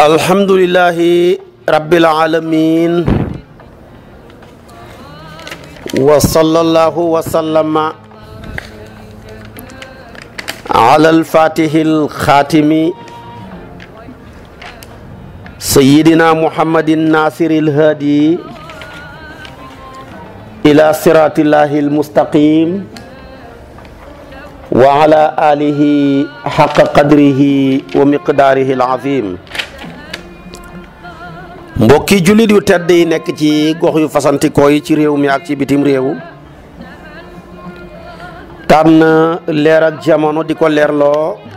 alhamdulillahi rabbil alamin wa sallallahu wa sallama ala alfatihi alxaatimi sayyidina muhammadin nasiril hadi ila siratillahi almustaqim wa ala alihi xaqa qadrihi wa miqdaarihi alazim mbokki jullit yu tedd yi nekk ci gox yu fasantikoo yi ci réew mi ak ci bitim réew tànn leer ak jamono di ko leerloo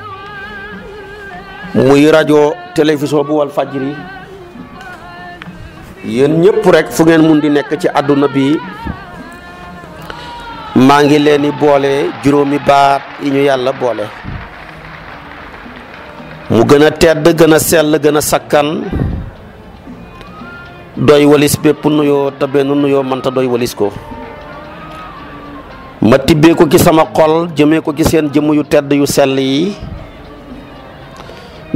muy rajo télévision bu wal fajri yéen ñëpp rek fu ngeen mun di nekk ci àdduna bi maa ngi leen di boole juróomi baat yi ñu yàlla boole mu gën a tedd gën a sell gën a sakkan dooy walis bépp nuyoo te benn nuyoo mënta doy walis ko ma tibbee ko ci sama xol jëmee ko ci seen jëmm yu tedd yu sell yi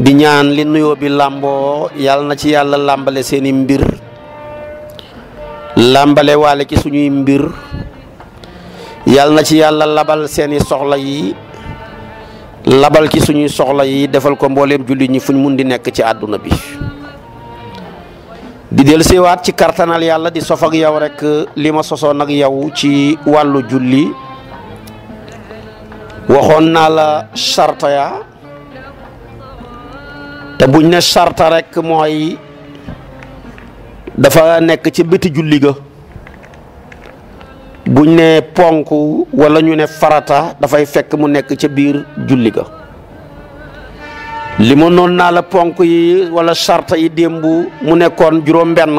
di ñaan li nuyoo bi làmboo yàlla na ci yàlla làmbale seeni mbir làmbale waale ci suñuy mbir yàlla na ci yàlla labal seeni soxla yi labal ci suñuy soxla yi defal ko mbooleem jullit ñi fuñ mun di nekk ci àdduna bi di del siwaat ci kartanal yàlla di sof ak yow rek li ma sosoon ak yow ci wàllu julli waxoon naa la sarta ya te buñ ne sarta rek mooy dafa nekk ci biti julli ga buñ ne ponk walla ñu ne farata dafay fekk mu nekk ca biir julli ga li naa la ponk yi wala sarta yi démb mu nekkoon juróom benn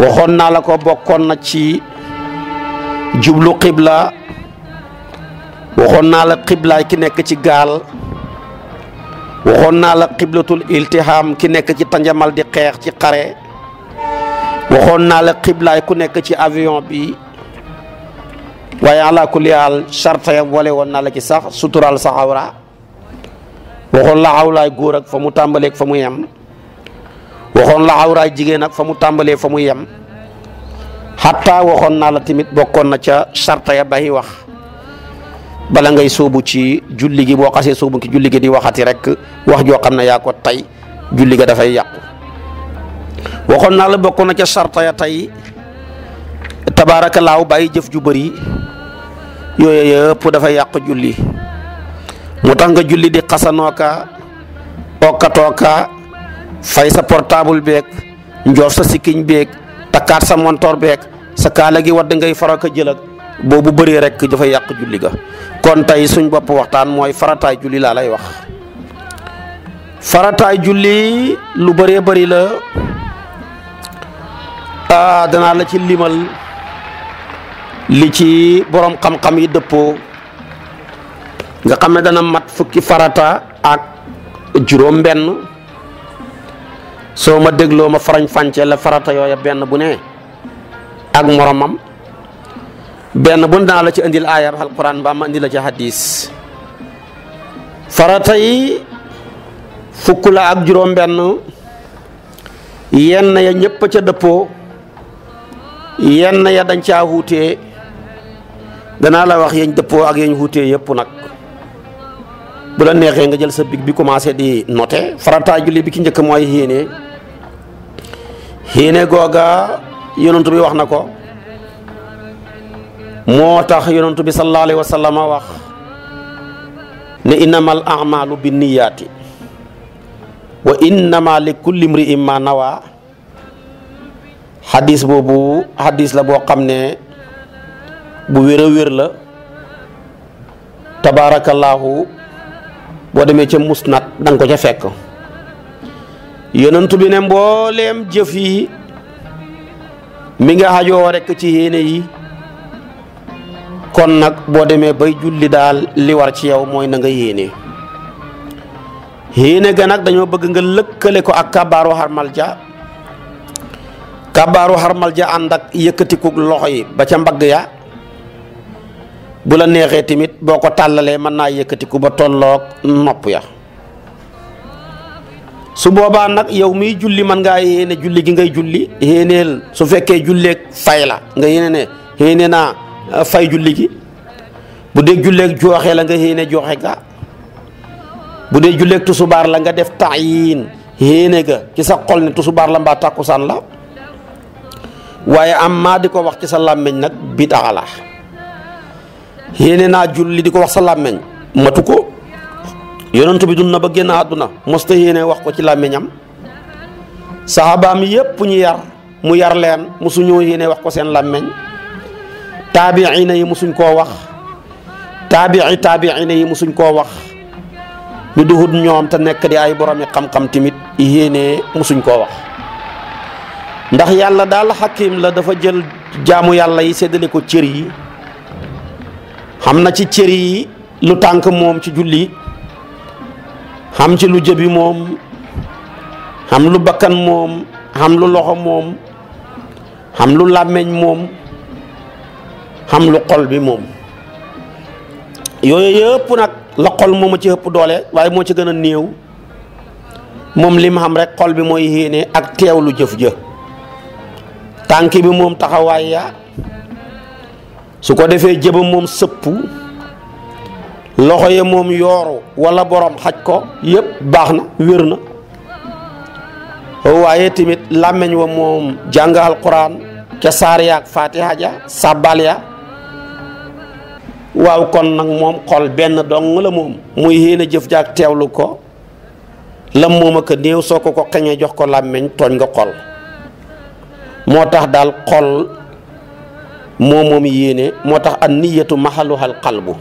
waxoon naa la ko bokkoon na ci jublu xibla waxoon naa la xiblaay ki nekk ci gaal waxoon naa la xiblatul iltihaam ki nekk ci tanjamal di xeex ci xare waxoon naa la xiblaay ku nekk ci avion bi waaye ala kulli haal charte ya wale woon naa la ci sax sutural sa awra waxoon la awraay góor ak fa mu tàmbaleeg fa mu yem waxoon la awraay jigéen ak fa mu tàmbalee fa mu yem xatta waxoon naa la tamit bokkoon na ca charte ya bayi wax bala ngay sóobu ci julli gi boo xasee sóobu ci julli gi di waxati rek wax joo xam ne yaa ko tey julli ga dafay yàqu waxoon naa la bokk na ca sarta ya tey tabaarakallaahu bàyyi jëf ju bëri yooyu yëpp dafa yàq julli mu tax nga julli di xasanooka okkatooka fay sa portable beeg njoof sa sikkiñ beeg takkaat sa montor beeg sa kaala gi wadd ngay faraka jëlag boobu bëree rek dafa yàq julli ga kon tey suñ bopp waxtaan mooy farataay julli laa lay wax farataay julli lu bëree bari la ah danaa la ci limal li ci boroom xam-xam yi dëppoo nga xam ne dana mat fukki farata ak juróom benn soo ma dégloo ma farañ fànce la farata yooya benn bu ne ak moromam benn bu naa la ci indil aaya ba alquran mbaa ma indi la ci hadis farata yi fukk la ak juróom benn yenn ya ñëpp ca dëppoo yenn ya dañ caa wuute danaa la wax yeñ dëppoo ak yeñ wuute yëpp nag bu la neexee nga jël sa big bi commencé di noter farata julli bi ki njëkk mooy xiine xiine googa yonent bi wax na ko moo tax yonentu bi sallallahu alayhi wa wax ne innamal a'malu binniyaati wa innama li kulli mri'in ma nawa xadis boobu xadis la boo xam ne bu wér a wér la tabaarakallaahu boo demee ca musnad danga ko ca fekk yonentu bi ne mbooleem jëf yi mi nga xajoo rekk ci yéene yi kon nag boo demee bay julli daal li war ci yow mooy na nga yéene yéene ga nag dañoo bëgg nga lëkkale ko ak kabaaru xarmal ja kabaaru xarmal ja ànd ak yëkkatiku loxo yi ba ca mbagg ya bu la neexee tamit boo ko tàllalee mën naa yëkkatiku ba tolloog nopp ya su boobaa nag yow miy julli mën ngaa yéene julli gi ngay julli yéeneel su fekkee julleeg fay la nga yéene ne yéene naa Euh, fay julli gi bu dee julleeg jooxe la nga yéene jooxe ga bu dee julleeg tusubaar la nga def taayin yéene ga ci sa xol ne tusubaar la mbaa tàkkusaan la waaye am maa di ko wax ci sa làmmiñ nag bidaa la yéene naa julli di ko wax sa làmmiñ matu ko yonent bi dund na ba génn àdduna mosta yéene wax ko ci làmmiñam saxaabaam yépp ñu yar mu yar leen mosu ñoo yéene wax ko seen làmmiñ taabiina yi musuñ koo wax taabi taabii na yi mësuñ koo wax mu duhut ñoom te nekk di ay boromi xam-xam tamit yéenee mësuñ koo wax ndax yàlla daal xakim la dafa jël jaamu yàlla yi séddale ko cër yi xam na ci cër yi lu tànk moom ci julli xam ci lu jëbi moom xam lu bakkan moom xam lu loxo moom xam lu làmmeñ moom xam lu xol bi moom yooyu yëpp nag la xol moom a ci ëpp doole waaye moo ci gën a néew moom lim xam rek xol bi mooy yéene ak teewlu jëf jë tànk bi moom taxawaay ya su ko defee jëba moom sëpp loxo ya moom yooru walla boroom xaj ko yépp baax na wér na waaye tamit làmmiñ wa moom jàng alquran ca saar yaag fatiha ja sàbbal ya waaw kon nag moom xol benn dong la moom muy yéen a jëf jaag teewlu ko lam moom ak néew soo ko ko xeñee jox ko làmmeñ tooñ nga xol moo tax daal xol moo moom yéene moo tax an niyatu mahaluhal bu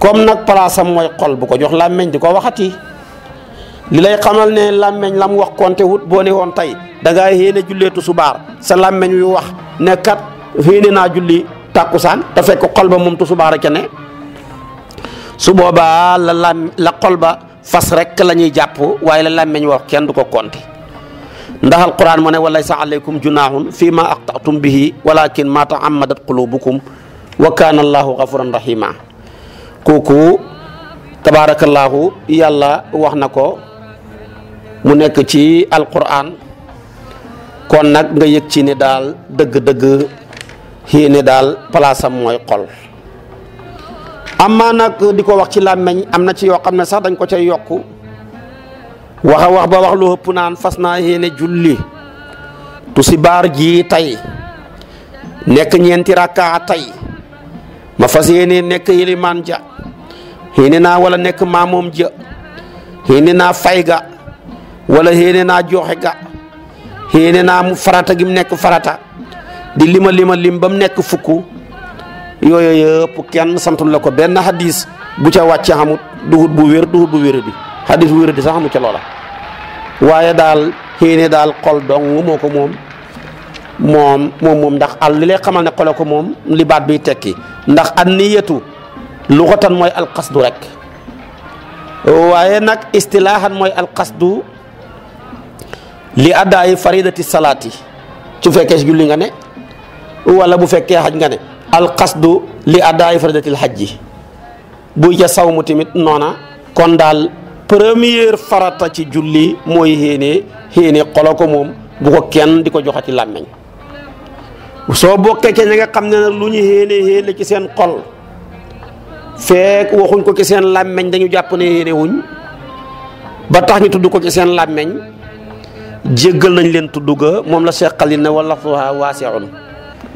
comme nag palaasam mooy xol bu ko jox làmmeñ di ko waxati li lay xamal ne làmmeñ lam wax konte wut boo newoon tey da ngaa yéene julleetu subaar sa làmmeñ wi wax ne kat naa julli tàkkusaan te fekk xol ba moom tusubaar a ca su boobaa la la xol ba fas rek la ñuy jàpp waaye la la làmmeñ wax kenn du ko konte ndax alquran mu ne wa laysa alaykum junaahun fii ma aqtatum bihi walakin ma taammadat qulubukum wa kaana allahu gafuran rahima kooku tabaarakallaahu yàlla wax na ko mu nekk ci alquran kon nag nga yëg ci ne daal dëgg-dëgg yéene daal palaasam moy xol amma nag di ko wax ci làmmeñ am na ci yoo xam ne sax dañ ko ca yokku wax wax ba wax lu ëpp naan fas naa yéene julli tusibaar ji tey nekk ñeenti rakkaa tey ma fas yéene nekk yilimaan ja yéene naa wala nekk maamoom ja yéene naa fay ga wala yéene naa joxe ga yéene naa farata gim nekk farata di lima lima lim ba mu nekk fukk yooyu yëpp kenn santul la ko benn hadis bu ca wàcce xamut duhut bu wér duhut bu wéradi hadis bu wéradi sa xamut ca loola waaye daal xéene daal xol dong moo ko moom moom moom moom ndax al li lay xamal ne xole ko moom li baat biy tekki ndax an niyatu luxatan mooy alqasdu rek waaye nag istilaahan mooy alqasdu li addaayi faridati salaati su fekkee si julli nga ne wala bu fekkee xaj nga ne alqasdu li adaa ifradatil xajji bu ja saw mu tamit noona kon daal première farata ci julli mooy xéenee xéene xolo ko moom bu ko kenn di ko joxati làmmeñ soo bokkee ci ñi nga xam ne lu ñu ci seen xol feek waxuñ ko ci làmmeñ dañu jàpp ne xéene wuñ ba tax ñu tudd ko ci seen làmmeñ jéggal nañ leen tudd ga moom la seqalin ne wala fuha waasiun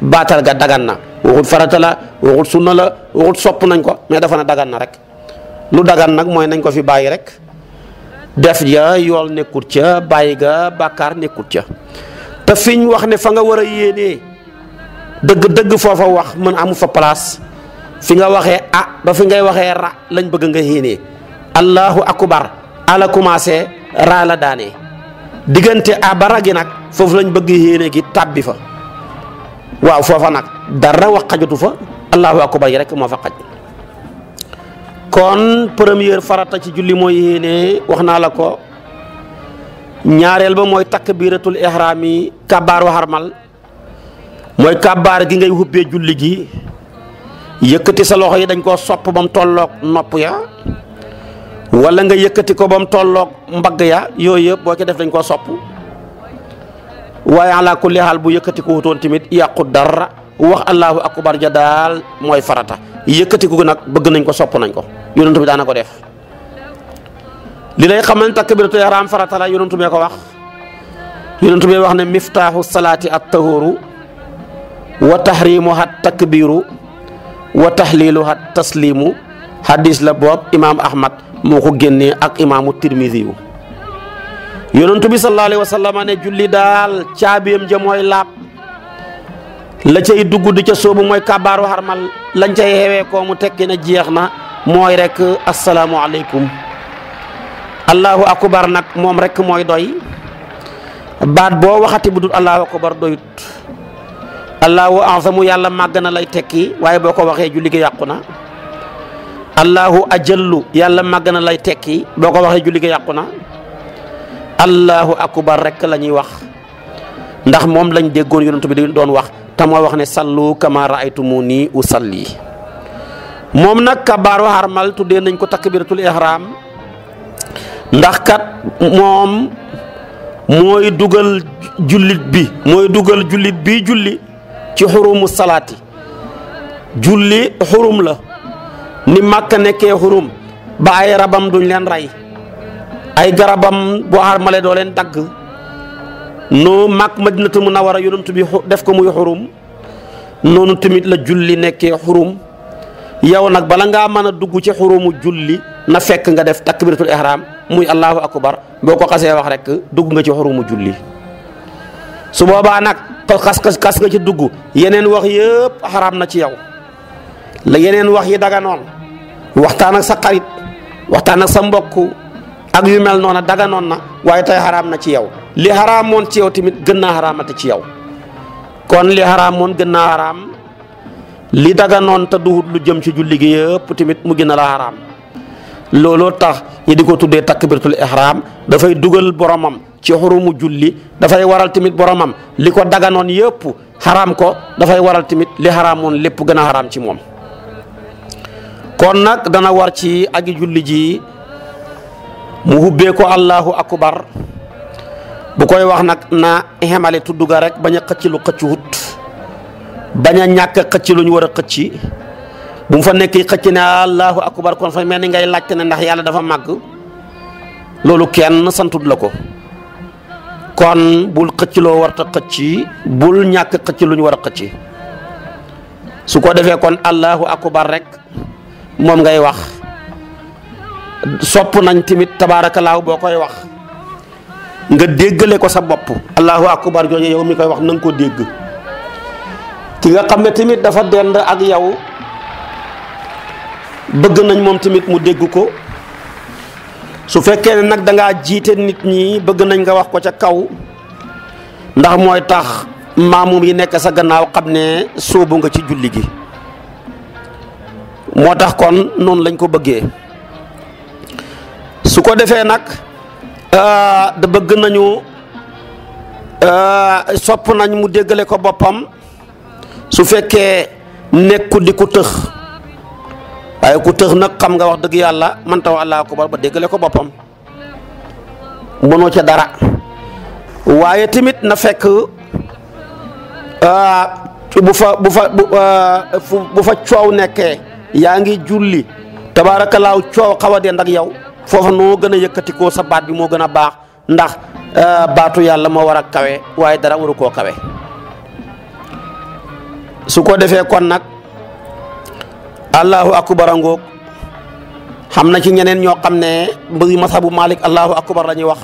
baatal ga dagan na waxut farata la waxut sunna la waxut sopp nañ ko mais dafa na dagan na rek lu dagan nag mooy nañ ko fi bàyyi rek def ja yool nekkut ca bàyyi ga bàkkaar nekkut ca te fiñ wax ne fa nga war a yéenee dëgg dëgg foofa wax mën amu fa place fi nga waxee ah ba fi ngay waxee ra lañ bëgg nga yéenee allahu akbar ala commencé ra la daanee diggante abara gi nag foofu lañ bëgg yéene gi tàbbi fa waaw foofa nag dara wax xajatu fa allahu akbar yi rek moo fa xaj kon première farata ci julli mooy yéene wax naa la ko ñaareel ba mooy takbiratul ihram yi kàbbaar waxarmal mooy kàbbaar gi ngay hubbee julli gi yëkkati sa loxo yi dañ koo sopp ba mu tolloog nopp ya walla nga yëkkati ko ba mu tollook mbagg ya yooyu yëpp boo ci def dañ koo sopp waaye ala kulli xaal bu yëkkatiku wutoon tamit yàqu dara wax allahu akbar ja daal mooy farata yëkkatiku nag bëgg nañ ko sopp nañ ko yonent bi daana ko def li lay xamal ne takbiratul ihram farata la yonent bee ko wax yonent bee wax ne miftaaxu salaati at tahuru wa tahrimuha takbiru wa tahliluha taslimu hadis la boob imaam ahmad moo ko génnee ak imaamu tirmidi yu yonentu bi sallallahu alayhi wa sallam ne julli daal caabiyam ja mooy laab la cay dugg di ca soobu mooy kabaaru xarmal lañ cay xewee ko mu tekki na jeex na mooy rek asalaamualeykum allahu akbar nag moom rek mooy doy baat boo waxati bu dul allahu akbar doyut allahu azamu yàlla màgg na lay tekki waaye boo ko waxee julli gi yàqu na allahu ajallu yàlla màgg na lay tekki boo ko waxee julli gi yàqu na allahu akbar rekk lañuy wax ndax moom lañ déggoon yonent bi doon wax tamoo wax ne sallu kama raaytumuni usalli moom nag kabaaru harmal de nañ ko takk takbiratul ihram ndax kat moom mooy dugal jullit bi mooy dugal jullit bi julli ci xurumu salaati julli xurum la ni màkk nekkee xurum ba ay rabam duñ leen rey ay garabam boo xarmale doo leen dagg nu mag madinatu munawara yonent bi def ko muy xurum noonu tamit la julli nekkee xurum yow nag bala ngaa mën a dugg ci xurumu julli na fekk nga def takbiratul ihram muy allahu akbar boo ko xasee wax rek dugg nga ci xurumu julli su boobaa nag xas xas nga ci dugg yeneen wax yëpp xaraam na ci yow yeneen wax yi daga noon waxtaan ak sa xarit waxtaan ak sa mbokk ak yu mel noona daganoon na waaye tey xaraam na ci yow li xaraamoon ci yow tamit gën naa xaraamati ci yow kon li xaraamoon gën naa xaraam li daganoon te duhut lu jëm ci julli gi yëpp tamit mu gën a la xaraam looloo tax ñi di ko tuddee takbiratul ihram dafay dugal boromam ci xurumu julli dafay waral tamit boromam li ko daganoon yëpp xaraam ko dafay waral tamit li xaraamoon lépp gën a xaraam ci moom kon nag dana war ci agi julli ji mu hubbee ko allahu akbar bu koy wax nag na xemale tudd ga rek bañ a xëcc lu xëcc wut bañ a ñàkk a xëcc lu ñu war a xëcc bu mu fa nekk xëcc ne allahu akbar kon fa mel ni ngay laajte ne ndax yàlla dafa màgg loolu kenn santut la ko kon bul xëcc loo war xëcc bul ñàkk xëcc lu ñu war a xëcc su ko defee kon allahu akbar rek moom ngay wax. sopp nañ tamit tabaarakallaahu boo koy wax nga déggale ko sa bopp allahu akbar jooju yow mi koy wax na nga ko dégg ki nga xam ne tamit dafa dend ak yow bëgg nañ moom tamit mu dégg ko su fekkee ne nag dangaa jiite nit ñi bëgg nañ nga wax ko ca kaw ndax mooy tax maamum yi nekk sa gannaaw xam ne sóobu nga ci julli gi moo tax kon noonu lañ ko bëggee su ko defee nag euh, da bëgg nañu euh, sopp nañ mu déggale ko boppam su fekkee nekku di ku tëx waaye ku tëx nag xam nga wax dëgg yàlla man taw Allaahu akbar ba déggale ko boppam mënoo ca dara waaye tamit na fekk euh, bu fa bu fa bu fa coow nekkee yaa ngi julli tabaarakallaahu coow xaw a dend ak yow foofa noo gën a yëkkatikoo sa baat bi moo gën a baax ndax euh, baatu yàlla moo war a kawe waaye dara waru koo kawe su ko defee kon nag allahu akbar ngoog xam na ci ñeneen ñoo xam ne mbëri masabu malik allahu akbar la ñuy wax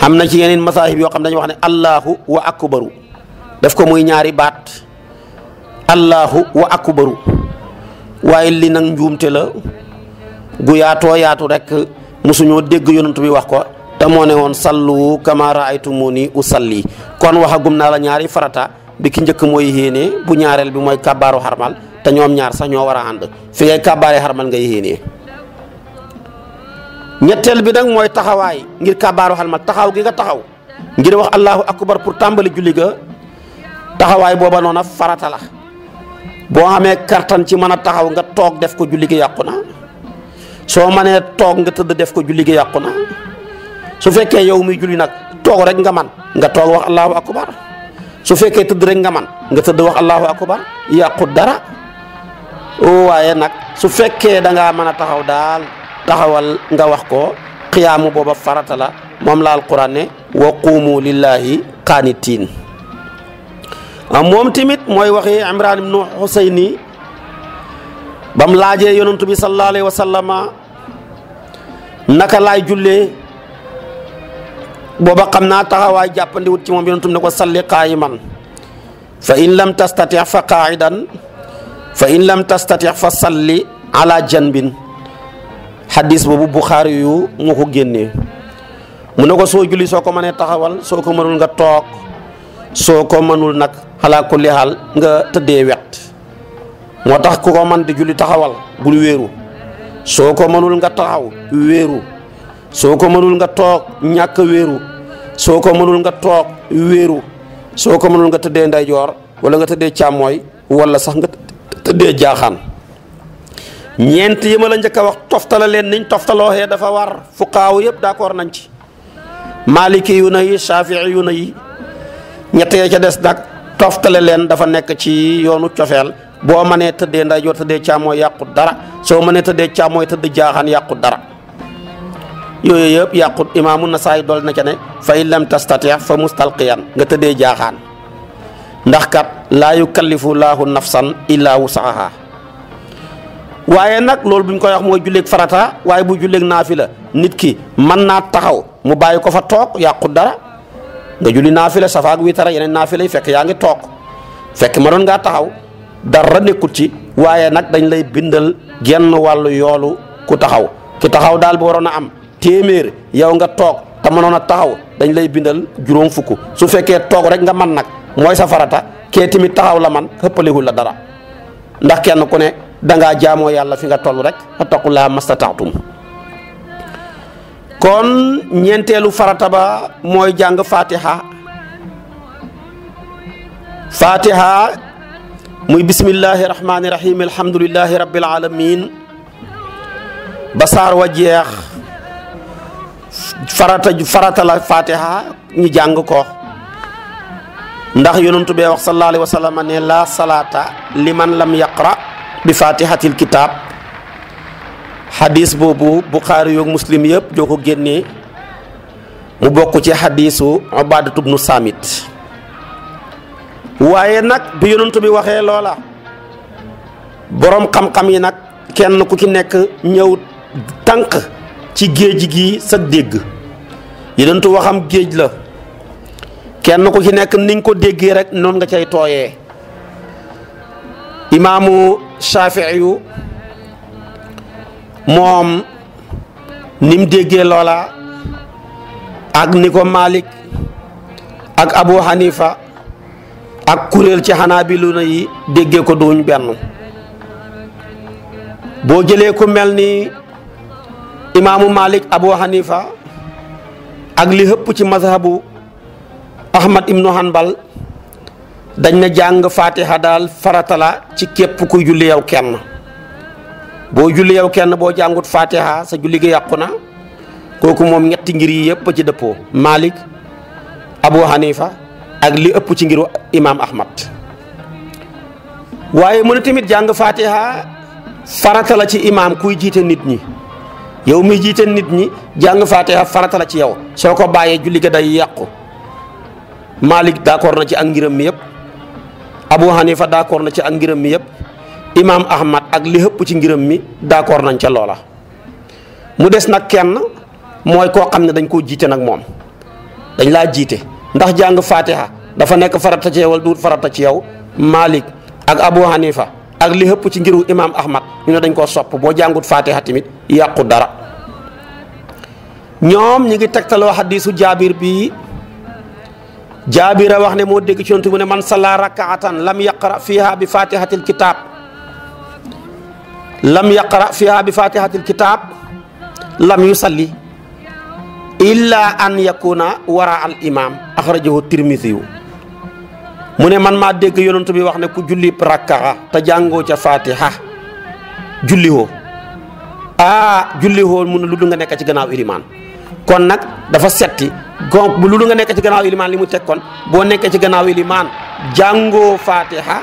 xam na ci yeneen masahib yoo xam ne dañuy wax ne allahu wa akbaru def ko muy ñaari baat allahu wa akbaru waaye li nag njuumte la gu yaatoo yaatu rek mosuñoo dégg yonantu bi wax ko te moo ne woon sallu kama raaytumuni usalli kon waxagum naa la ñaari farata bi ki njëkk mooy yéene bu ñaareel bi mooy kàbbaaru xarmal ñoom ñaar sax ñoo a ànd fi ngay kàbbaaree xarmal ngay bi nag mooy taxawaay ngir kàbbaaru xarmal taxaw gi nga taxaw ngir wax allahu akbar pour tàmbali julli ga taxawaay booba noona farata la boo amee kartan ci mën a taxaw nga toog def ko julli gi yàqu na soo manee toog nga tëdd def ko julli gi yàqu su fekkee yow mi julli nag toog rek nga man nga toog wax allahu akbar su fekkee tëdd rek nga man nga tëdd wax allahu akbar yàqu dara waaye nag su fekkee da ngaa mën a taxaw daal taxawal nga wax ko xiyaamu booba farata la moom la alquran ne wa quumu lillahi qaanitiin ah, moom tamit mooy waxi imran ibnu xusayni ba mu laajee yonantu bi sallallahu alayhi wa sallama naka laay jullee booba xam naa taxawaay jàppandiwul ci moom na ko salli qaayiman fa in lam tastatix fa qaaidan fa in lam tastatix fa salli ala janbin xaddis boobu buxaari yu moo ko génnee mu ne ko soo julli soo ko mënee taxawal soo ko mënul nga toog soo ko mënul nag xalaa kulli xaal nga tëddee wet moo tax ku ko man di julli taxawal bul wéeru soo ko mënul nga taxaw wéeru soo ko mënul nga toog ñàkk wéeru soo ko mënul nga toog wéeru soo ko mënul nga tëddee ndeyjoor wala nga tëddee càmmooy wala sax nga tëddee jaaxaan ñeent yi ma la njëkk a wax toftala leen niñ toftalooxee dafa war fu fuqaaw yëpp d'accord nañ ci maaliki yu na yi shafii yu na yi ñett ya ca des nag toftale leen dafa nekk ci yoonu cofeel boo mënee tëddee ndeyjoor tëddee càmmooy yàqut dara soo mënee tëddee càmmooy tëdd jaaxaan yàqut dara yooyu yëpp yàqut imaamu Nasaayi dool na ca ne fa in lam fa mustalqiyan nga tëddee jaaxaan ndax kat laa yukallifu laahu nafsan illaa wusaha waaye nag loolu bu ñu koy wax mooy julleeg farata waaye bu julleeg naafila nit ki mën naa taxaw mu bàyyi ko fa toog yàqut dara nga julli naafila safaak wi tara yeneen naafila yi fekk yaa ngi toog fekk ma doon ngaa taxaw dara nekkut ci waaye nag dañ lay bindal genn wàllu yoolu ku taxaw ki taxaw daal bu waroon a am téeméer yow nga toog te a taxaw dañ lay bindal juróom fukk su fekkee toog rek nga man nag mooy sa farata kee tamit taxaw la man xëppalewul la dara ndax kenn ku ne dangaa jaamoo yàlla fi nga toll rek attaqullaa mastataatum kon ñeenteelu farata ba mooy jàng fatiha muy bismillahi rahmaani rahim alhamdulillahi rabbil alamin ba wa jeex farata farata la fatiha ñu jàng ko ndax yonentu bee wax sallallahu wa sallam ne la salaata liman lam yaqra bi fatihatil kitab xadis boobu buxaari yoog muslim yëpp joo ko génnee mu bokk ci xadisu ubadatu bnu samit waaye nag bi yonent bi waxee loola boroom xam-xam yi nag kenn ku ci nekk ñëw tànk ci géej gi sa dégg yonent waxam géej la kenn ku ci nekk niñ ko déggee rek noonu nga cay tooyee imaamu Shafii yu moom ni déggee loola ak ni ko Malik ak Abu Hanifa ak kuréel ci xanaa bi lu na yi déggee ko duñ benn boo jëlee ku mel ni imaamu Malik Abu Hanifa ak li hëpp ci mazhabu Ahmad ibnu Hanbal dañ na jàng fatiha daal faratala ci képp ku julli yow kenn boo julli yow kenn boo jàngut fatiha sa julli gi yàqu na kooku moom ñetti ngir yi yëpp ci dëppoo Malik Abu Hanifa ak li ëpp ci ngiru imaam ahmad waaye mu ne tamit jàng fatiha farata ci imaam kuy jiite nit ñi yow mi jiite nit ñi jàng fatiha farata la ci yow soo ko bàyyee julli ga day yàqu malik d'accord na ci ak ngiram mi yëpp abu hanifa d'accord na ci ak ngiram mi yëpp imaam ahmad ak li ëpp ci ngiram mi d'accord nañ ca loola mu des nag kenn mooy koo xam ne dañ koo jiite nag moom dañ laa jiite ndax jàng fatiha dafa nekk farata ci yow wala duut farata ci yow Malik ak Abu Hanifa ak li hëpp ci ngiru imaam Ahmad ñu ne dañ koo sopp boo jàngut fatiha tamit yàqu dara ñoom ñu ngi tegtaloo xadiisu jaabir bii jaabira wax ne moo dégg ci yonent mu ne man salla rakaatan lam yaqra fiha bi fatihatil kitaab lam yaqra fiha bi fatihatil kitaab lam yusalli illa an yakuna wara al imaam axrajahu tirmisiyu mu ne man ma dégg yonent bi wax na ku julli rakkaa te jàngoo ca fatiha julliwoo aa julliwoo mu ne lu du nga nekk ci gannaaw ilimaan kon nag dafa setti kon bu lu du nga nekk ci gannaaw ilimaan li mu teg kon boo nekkee ci gannaaw ilimaan jàngoo fatiha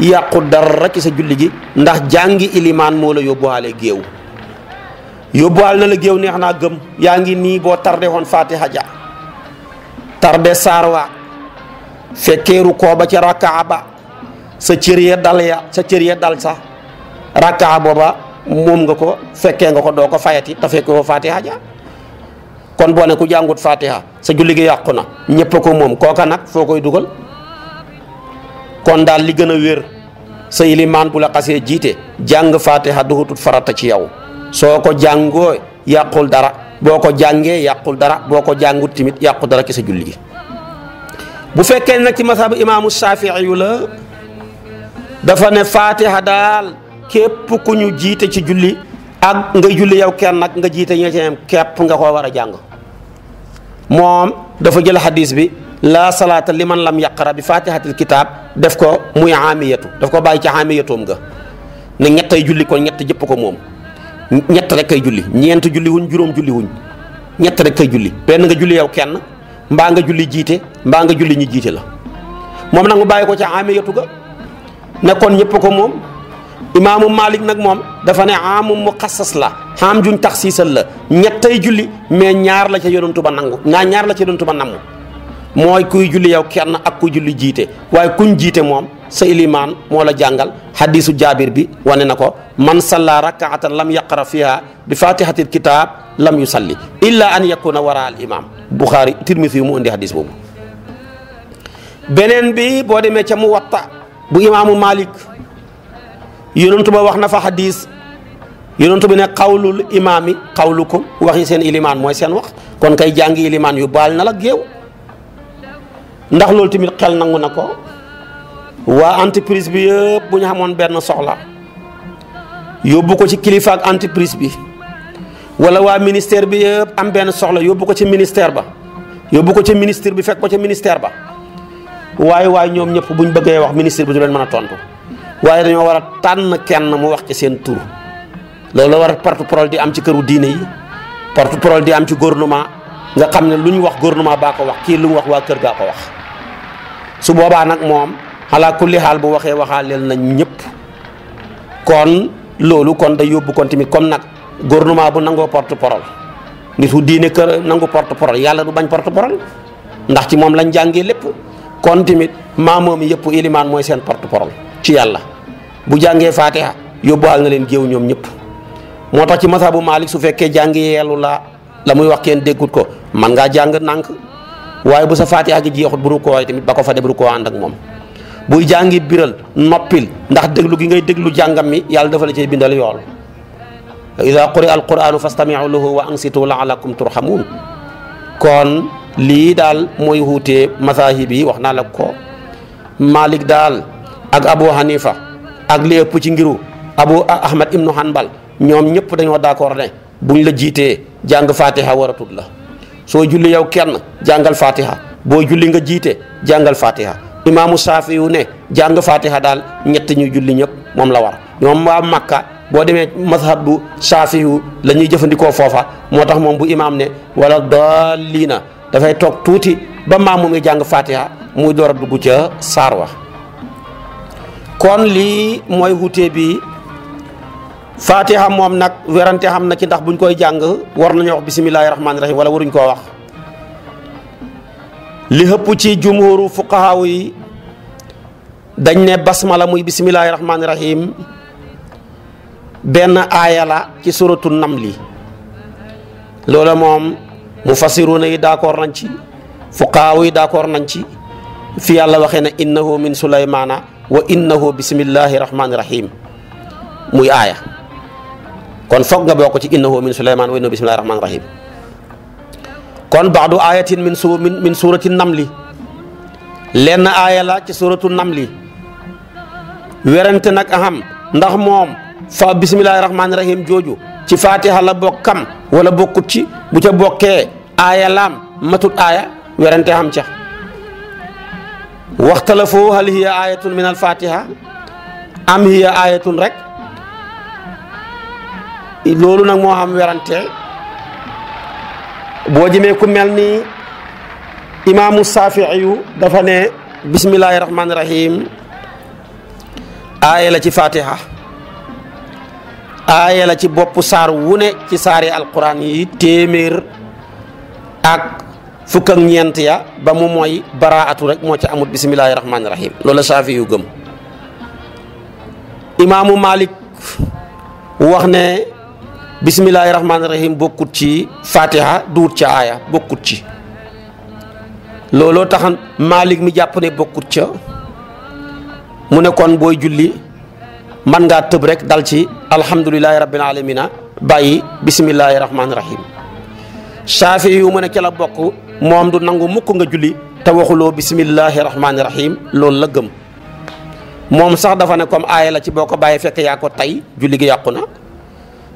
yàqu dara ci sa julli gi ndax jàngi ilimaan moo la yóbbuwaale géew yóbbuwaal na la géew neex naa gëm yaa ngi nii boo tardé fatiha ja tarde saar wa fekkee rukkoo ba ca rakkaa ba sa cër ya dal ya sa cër ya dal sa rakkaa booba moom nga ko fekkee nga ko doo ko fayati te fekkee ko fatiha ja kon boo ne ku jàngut fatiha sa julli gi yàqu na ñëpp ko moom kooka nag foo koy dugal kon daal li gën a wér sa ilimaan bu la xasee jiite jàng fatiha duhutut farata ci yow soo ko jàngoo yàqul dara boo ko jàngee yàqul dara boo ko jàngut tamit yàqul dara ki sa julli gi bu fekkee nag ci masabu imaamu Shafii yu la dafa ne faatiha daal képp ku ñu jiite ci julli ak nga julli yow kenn nag nga jiite ña ci képp nga koo war a jàng moom dafa jël hadis bi laa salaata li man lam yaqra bi fatihatil kitaab def ko muy amiyatu def ko bàyyi ci amiyatoom nga ne ñettay julli kon ñett jëpp ko moom ñett rek ay julli ñeent julli wuñ juróom julli wuñ ñett rek kay julli benn nga julli yow kenn mbaa nga julli jiite mbaa nga julli ñu jiite la moom nag mu bàyyi ko ca amiyatu ga ne kon ñëpp ko moom imaamu Malik nag moom dafa ne amu muxassas la xam juñ taxsiisal la ay julli mais ñaar la ca yonantu ba nangu naa ñaar la ca yonantu ba namm mooy kuy julli yow kenn ak ku julli jiite waaye kuñ jiite moom sa ilimaan moo la jàngal hadisu jaabir bi wane na ko man salla rakaatan lam yaqra fiha bi fatihatil kitab lam yusalli illa an yakuna wara al imam buxaari tirmisi yu mu indi hadis boobu beneen bi boo demee ca muwatta bu imaamu malik yonentu ba wax na fa hadis yonentu bi ne xawlul imaami xawlukum waxi seen ilimaan mooy seen wax kon kay jàngi ilimaan yu baal na la géew ndax loolu tamit xel nangu na ko waa entreprise bi yëpp bu ñu xamoon benn soxla yóbbu ko ci kilifa entreprise bi wala waa ministère bi yëpp am benn soxla yóbbu ko ci ministère ba yóbbu ko ci ministre bi fekk ko ci ministère ba waaye waaye ñoom ñëpp bu ñu bëggee wax ministre bi du leen mën a tontu waaye dañoo war a tànn kenn mu wax ci seen tur loolu la war a porte prole di am ci këru diine yi porte-parole di am ci gouvernement nga xam ne lu ñu wax gouvernement baa ko wax kii lu mu wax waa kër gaa ko wax su boobaa nag moom ala kulli xaal bu waxee waxaaleel nañ ñëpp kon loolu kon day yóbbu kon tamit comme nag gouvernement bu nangoo porte parole nit ku diine kër nangu porte parole yàlla du bañ porte parole ndax ci moom lañ jàngee lépp kon tamit maamoom yëpp ilimaan mooy seen porte parole ci yàlla bu jàngee yóbbu yóbbuwaal na leen géew ñoom ñëpp moo tax ci masa bu Maalik su fekkee jàng yeelu la la muy wax kenn déggut ko man ngaa jàng nànk waaye bu sa faatiha gi jeexut bu rukkoo tamit ba ko fa de bu rukkoo ànd ak moom buy jàngi biral noppil ndax déglu gi ngay déglu jàngam mi yàlla dafa la cay bindal yool ida quri al quranu fastamiu lahu wa turhamun kon lii daal mooy wuutee masahib yi wax naa la ko Malik daal ak Abu Hanifa ak li ëpp ci ngiru Abu Ahmad ibnu Hanbal ñoom ñëpp dañoo d'accord ne buñ la jiitee jàng fatiha waratul la soo julli yow kenn jàngal fatiha boo julli nga jiite jàngal fatiha imaamu saafi yu ne jàng fatiha daal ñett ñu julli ñëpp moom la war ñoom waa makka boo demee mazhab bu saafi lañuy jëfandikoo foofa moo tax moom bu imaam ne wala na dafay toog tuuti ba maamum ngi jàng fatiha muy door a dugg ca saar wa kon lii mooy wute bi fatiha moom nag werante xam na ci ndax buñ koy jàng war nañoo wax bisimillahi rahmaani rahim wala waruñ koo wax li hëpp ci jumhuru fuqahaaw yi dañ ne basmala muy bismillaahi rahmaani rahiim benn aaya la ci suratu namli loola moom mu mufassiruuna yi d'accord nañ ci fuqahaaw yi d'accord nañ ci fi yàlla waxee ne innahu min sulaymaana wa innahu bismillaahi rahmaani rahiim muy aaya kon foog nga bokk ci innahu min sulaymaan wa innahu bismillaahi rahmaani rahiim kon baadu du min su min min suurati li lenn aaya la ci suuratu namli werante nag aham ndax moom fa bismillahi rahmaani rahim jooju ci fatiha la bokkam wala bokkut ci bu ca bokkee aaya laam matut aaya werante xam ca waxtalafoo hal hiya ayatun min al fatiha am hiya ayatun rek loolu nag moo xam werante boo jëmee ku mel ni imaamu Saafi'i yu dafa ne bismillaahi rahmaani rahiim aaye la ci Fatiha aaye la ci bopp saar wu ne ci saari alquran yi téeméer ak fukk ñeent ya ba mu mooy baraatu rek moo ci amut bismillaahi rahmaani rahiim loolu Saafi'i gëm imaamu Malik wax ne. bismillaahi rahmaani rahim bokkut ci fatiha duut ca aaya bokkut ci looloo taxan Malik mi jàpp ne bokkut ca mu ne kon booy julli man ngaa tëb rek dal ci alhamdulillahi rabbil alamina bàyyi bismillaahi rahmaani rahim Shaafi yu mu ne ca bokk moom du nangu mukk nga julli te waxuloo bismillaahi rahmaani rahim loolu la gëm moom sax dafa ne comme aaya la ci boo ko bàyyi fekk yaa ko tey julli gi yàqu na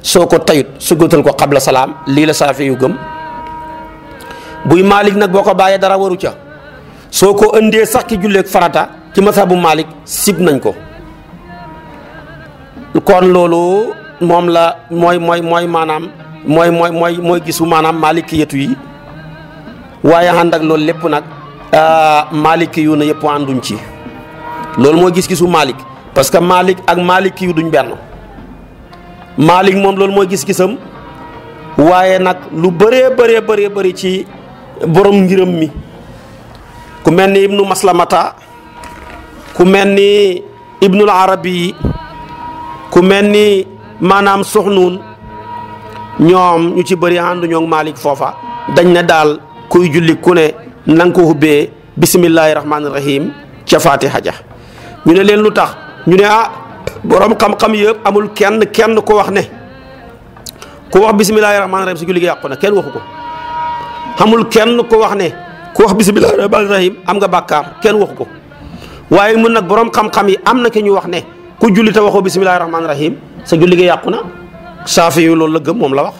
soo ko tayut suggatal ko xabla salaam lii la saafi yu gëm buy Malik nag boo ko bàyyee dara waru ca soo ko indee sax ki julleeg farata ci bu Malik sib nañ ko kon loolu moom la mooy mooy mooy maanaam mooy mooy mooy mooy gisu maanaam maliki yetu yi waaye ànd ak loolu lépp nag maliki yu ne yëpp ànduñ ci loolu mooy gis-gisu Malik parce que Malik ak maliki yu duñ benn Malik moom loolu mooy gis-gisam waaye nag lu bëree bëree bëree bëri ci borom ngiram mi ku mel ni ibnu maslamata ku mel ni ibnul arabi ku mel ni maanaam soxnuun ñoom ñu ci bëri ànduñoo ak Malik foofa dañ ne daal kuy julli ku ne na nga ko hubbee bisimillahi ca fatiha ja ñu ne leen lu tax ñu ne ah boroom xam-xam yëpp amul kenn kenn ko wax ne ku wax bisimilahi rahmaani rahim su julli gi yàqu na kenn waxu ko amul kenn ko wax ne ku wax bisimilahi rahmaani rahim am nga bàkkaar kenn waxu ko waaye mun nag borom xam yi am na ki ñu wax ne ku julli te waxoo bisimilahi rahmaani sa julli gi yàqu na saafi loolu la gëm moom la wax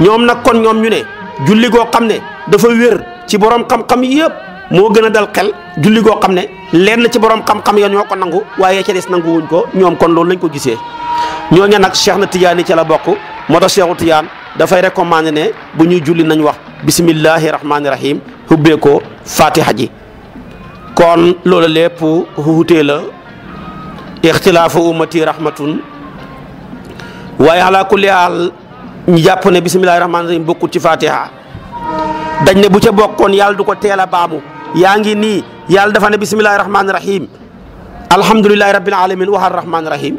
ñoom nag kon ñoom ñu ne julli goo xam ne dafa wér ci boroom xam-xam yëpp. moo gën a dal xel julli goo xam ne lenn la ci borom xam-xam ya ñoo ko nangu waaye ca des nangu wuñ ko ñoom kon loolu lañ ko gisee ñooñu nag Cheikh na Tidiane ca la bokk moo tax Cheikhu Tidiane dafay recommandé ne bu ñuy julli nañ wax bisimillahi rahmaani rahim hubbee ko fatiha ji kon loolu lépp xuutee la ixtilaafu ummati rahmatun waaye ala kulli ñu jàpp ne bisimillahi rahmaani rahim ci fatiha dañ ne bu ca bokkoon yàlla du ko teel a baamu yaa ngi nii yàlla dafa ne bisimillahi rahmaani rahim alhamdulilahi rabbil alamin waxal rahmaani rahim